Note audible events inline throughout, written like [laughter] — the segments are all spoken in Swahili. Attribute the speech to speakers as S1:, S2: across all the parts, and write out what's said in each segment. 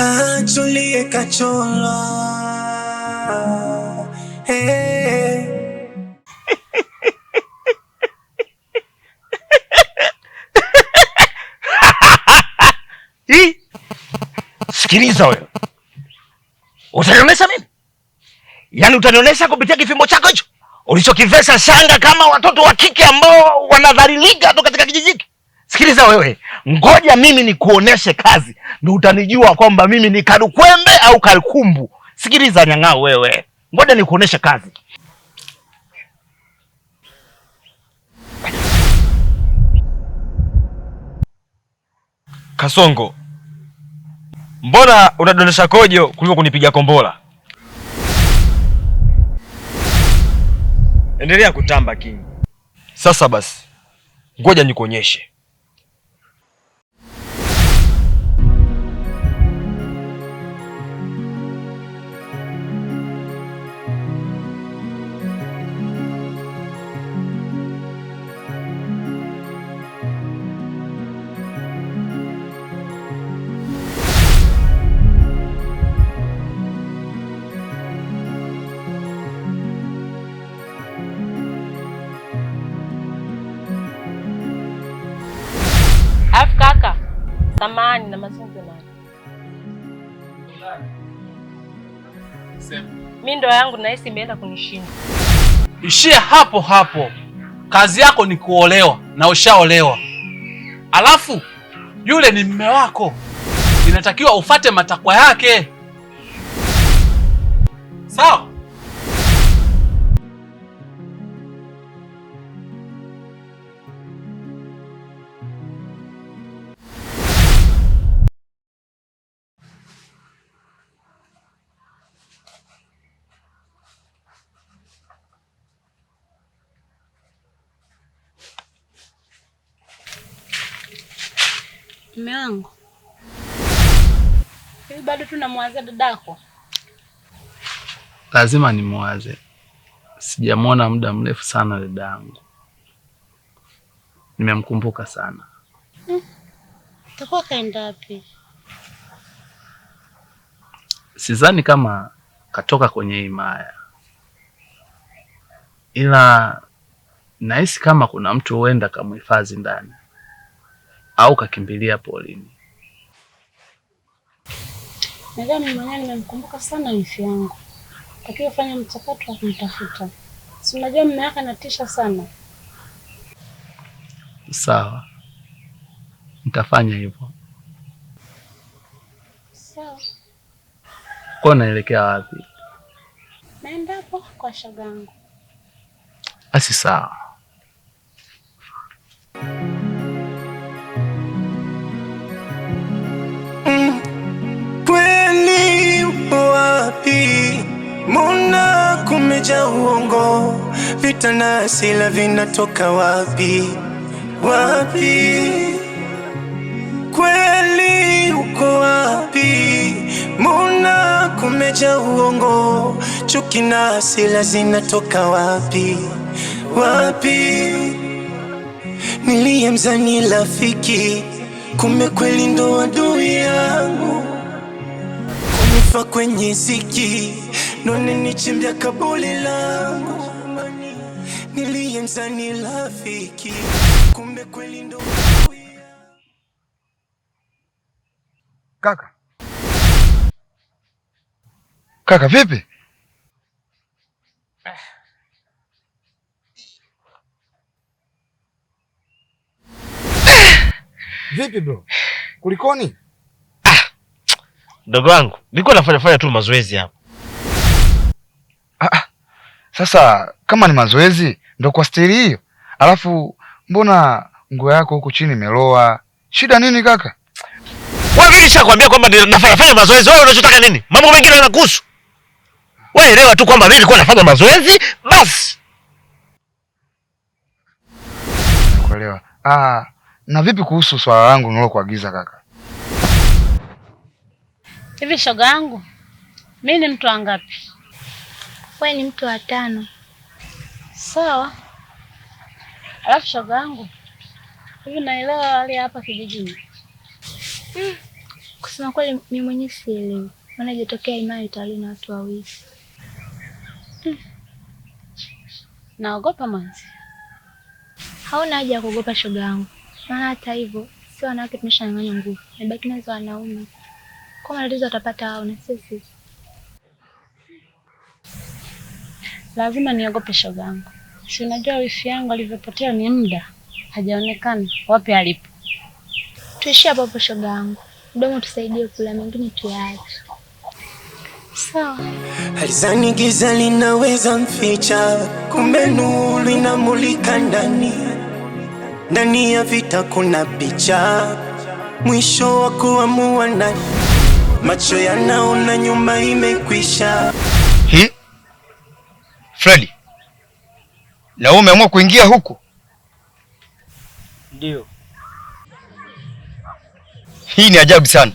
S1: Anjulie kacholo Hey. Sikiliza wewe. Utanionesha mimi? Yaani utanionesha kupitia kifimbo chako hicho ulichokivesa shanga kama watoto wa kike ambao wanadhalilika tu katika kijiji hiki? Sikiliza wewe ngoja mimi nikuoneshe kazi, ndo utanijua kwamba mimi ni kadukwembe au kalkumbu. Sikiliza nyang'a wewe, ngoja nikuoneshe kazi.
S2: Kasongo, mbona unadondesha kojo kuliko kunipiga kombola?
S3: Endelea kutamba King.
S2: Sasa basi, ngoja nikuonyeshe.
S4: nani na mazungumzo naye. Mimi ndoa yangu nahisi imeenda kunishinda.
S2: Ishia hapo hapo. Kazi yako ni kuolewa na ushaolewa, alafu yule ni mme wako, inatakiwa ufate matakwa yake, sawa?
S5: Mume wangu hivi bado tunamwaza dadako?
S3: Lazima nimwaze, sijamwona muda mrefu sana dada yangu, nimemkumbuka sana. Hmm,
S5: takuwa kaenda wapi?
S3: Sidhani kama katoka kwenye himaya, ila nahisi kama kuna mtu huenda kamhifadhi ndani au kakimbilia polini?
S5: Nadhani mwenyewe nimemkumbuka sana wifi yangu, takiwa fanya mchakato wa kumtafuta. Si unajua mume wake anatisha sana.
S3: Sawa, nitafanya hivyo. Sawa. Kwa naelekea wapi?
S5: Naenda hapo kwa shagangu
S3: Asi sawa. muna kumeja uongo? Vita na asila vinatoka wapi? Wapi kweli, uko wapi? Muna kumeja uongo?
S2: Chuki na asila zinatoka wapi? Wapi niliyemzani rafiki, kumbe kweli ndo adui yangu. Nifa kwenye ziki, none nichimbia kabuli langu, nilie ni lafiki, kumbe kweli ndo kaka. Kaka vipi? Vipi bro, kulikoni?
S1: ndogo wangu, nilikuwa nafanya fanya tu mazoezi hapa.
S2: Ah, ah, sasa kama ni mazoezi ndo kwa stili hiyo. Alafu mbona nguo yako huku chini imeloa? Shida nini kaka?
S1: Wewe mimi nishakwambia kwamba nafanya fanya mazoezi. Wewe unachotaka nini? Mambo mengine yanakuhusu. Wewe elewa tu kwamba mimi nilikuwa nafanya mazoezi basi.
S2: Kuelewa. Ah, na vipi kuhusu swala langu nilokuagiza kaka?
S5: Hivi shoga yangu, mi ni mtu wangapi? Wewe ni mtu wa tano. Sawa. Alafu shoga yangu, hivi naelewa hali hapa kijijini?
S6: Mm, Kusema kweli mimi mwenye sielewi, maana jitokea imani tali na watu wawili. Mm,
S5: Naogopa manzi.
S6: Hauna haja ya kuogopa shoga yangu, maana hata hivyo si wanawake tumeshanyang'anywa nguvu, nabaki nazo wanaume kwa matatizo watapata wao na sisi.
S5: Lazima niogope shoga yangu, si unajua wifi yangu alivyopotea ni muda, hajaonekana wapi alipo.
S6: Tuishie hapo hapo shoga yangu, mdomo tusaidie kula, mengine tuyaache.
S5: Alizani giza linaweza mficha, kumbe nuru inamulika ndani. Ndani ya vita
S1: kuna picha, mwisho wa kuamua nani macho yanaona nyuma imekwisha. Hi Freddy, na wewe umeamua kuingia huku? Ndio. Hii ni ajabu sana.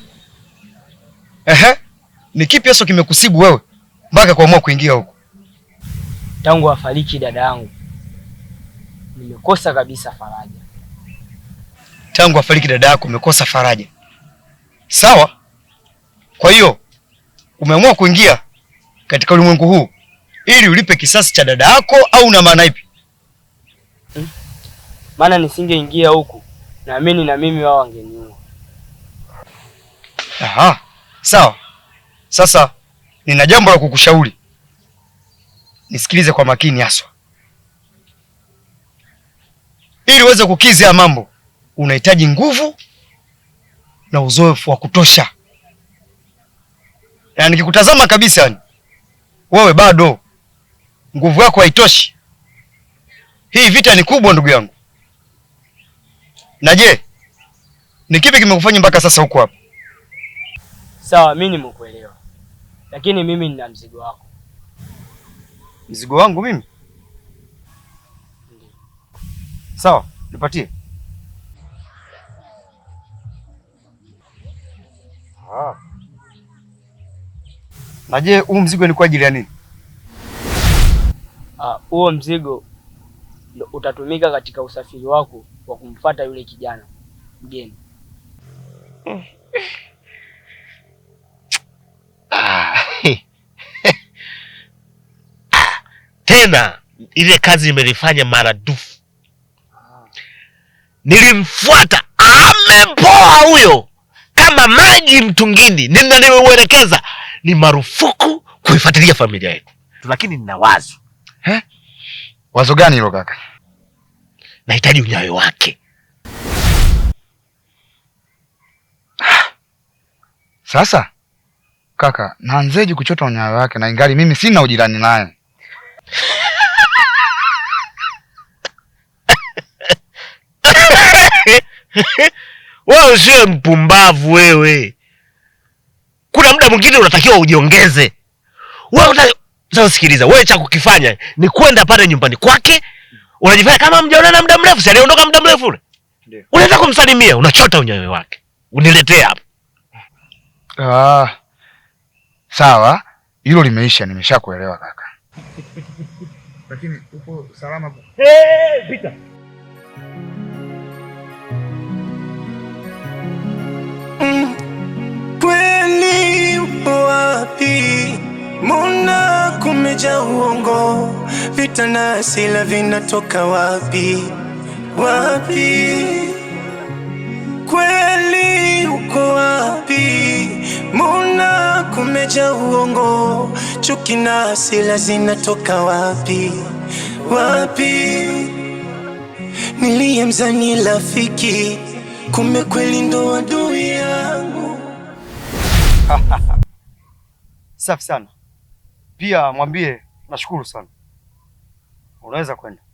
S1: Ehe, ni kipi hasa kimekusibu wewe mpaka kuamua kuingia huku?
S7: Tangu afariki dada yangu nimekosa kabisa faraja.
S1: Tangu afariki dada yako umekosa faraja, sawa kwa hiyo umeamua kuingia katika ulimwengu huu ili ulipe kisasi cha dada yako, au una maana ipi?
S7: Hmm, maana nisingeingia huku, naamini na mimi wao wangeniua.
S1: Aha, sawa. Sasa nina jambo la kukushauri, nisikilize kwa makini haswa. Ili uweze kukizi ya mambo, unahitaji nguvu na uzoefu wa kutosha na yaani, nikikutazama kabisa, yani wewe bado nguvu yako haitoshi. Hii vita ni kubwa, ndugu yangu. Na je, ni kipi kimekufanya mpaka sasa huko hapa?
S7: Sawa, mimi nimekuelewa, lakini mimi nina mzigo wako.
S1: Mzigo wangu mimi? Ndiyo. Sawa, nipatie. Na je, huu mzigo ni kwa ajili ya nini?
S7: Ah, huo uh, mzigo ndo utatumika katika usafiri wako wa kumfuata yule kijana mgeni. [laughs]
S1: Tena ile kazi mara maradufu. Nilimfuata, amempoa huyo kama maji mtungini, ninaliuelekeza ni marufuku kuifuatilia familia yetu,
S7: lakini nina wazo.
S1: Wazo gani hilo kaka? Nahitaji unyayo wake.
S2: [sighs] Sasa kaka, naanzeje kuchota unyayo wake na ingali mimi sina ujirani naye?
S1: [laughs] Wewe usiwe mpumbavu wewe kuna muda mwingine unatakiwa ujiongeze wewe uta... Sasa sikiliza, wewe cha kukifanya ni kwenda pale nyumbani kwake, unajifanya kama mjaonana muda mrefu, si aliondoka muda mrefu ule, unaenda kumsalimia, unachota unyewe wake, uniletee hapo.
S2: Ah, sawa, hilo limeisha, nimeshakuelewa kaka. [laughs] Lakini uko salama?
S1: Hey, Kweli wapi, mbona kumejaa uongo? Vita na hasira vinatoka wapi? Wapi kweli,
S2: uko wapi? Mbona kumejaa uongo? Chuki na hasira zinatoka wapi? Wapi niliyemzani rafiki, kumbe kweli ndo adui yangu. [laughs] Safi sana. Pia mwambie nashukuru sana. Unaweza kwenda.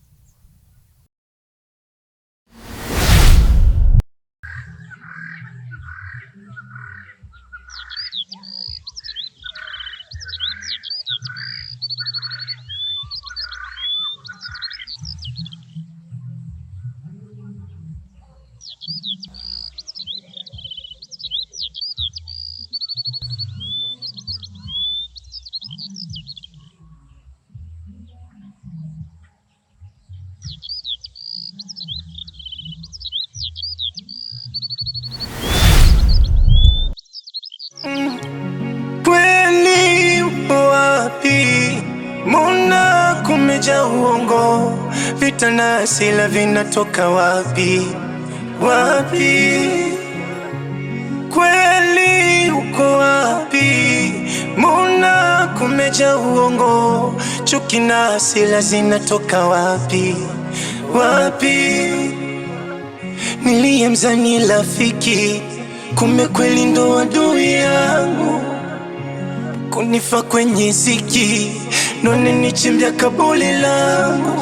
S2: vimejaa uongo, vita na asila vinatoka wapi? Wapi kweli, uko wapi? Muna kumeja uongo, chuki na asila zinatoka wapi? Wapi niliyemzani rafiki, kumbe kweli ndo adui yangu,
S8: kunifa kwenye ziki none nichimbia kabuli langu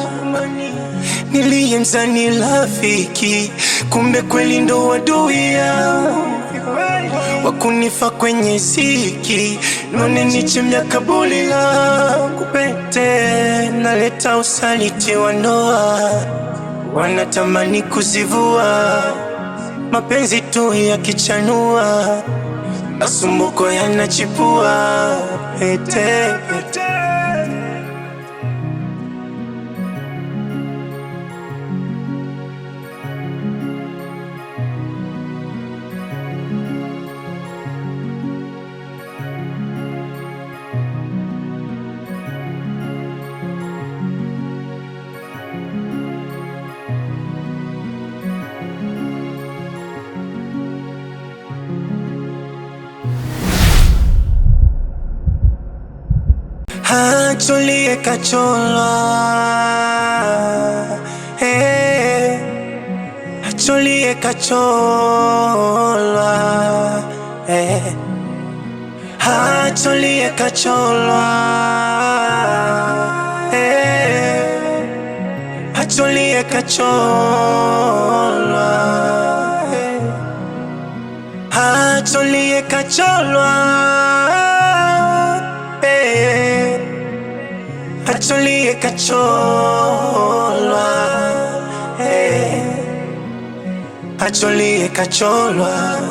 S8: niliyemzani rafiki, kumbe kweli ndo wadui yangu wakunifa kwenye ziki none nichimbia kabuli langu pete, naleta usaliti wa ndoa, wanatamani kuzivua mapenzi tu yakichanua, masumbuko yanachipua pete Antulie kacholwa eh, hey, antulie kacholwa eh, hey, antulie kacholwa eh, hey, antulie kacholwa hey, antulie kacholwa mwisho aliyekacholwa hey, eh. acholiyekacholwa